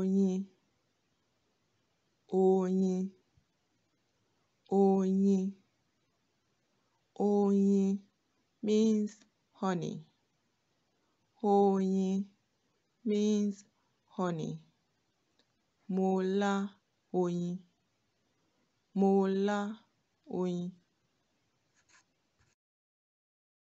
onye onye onye onye means honey onye means honey mo lá oyin mo lá oyin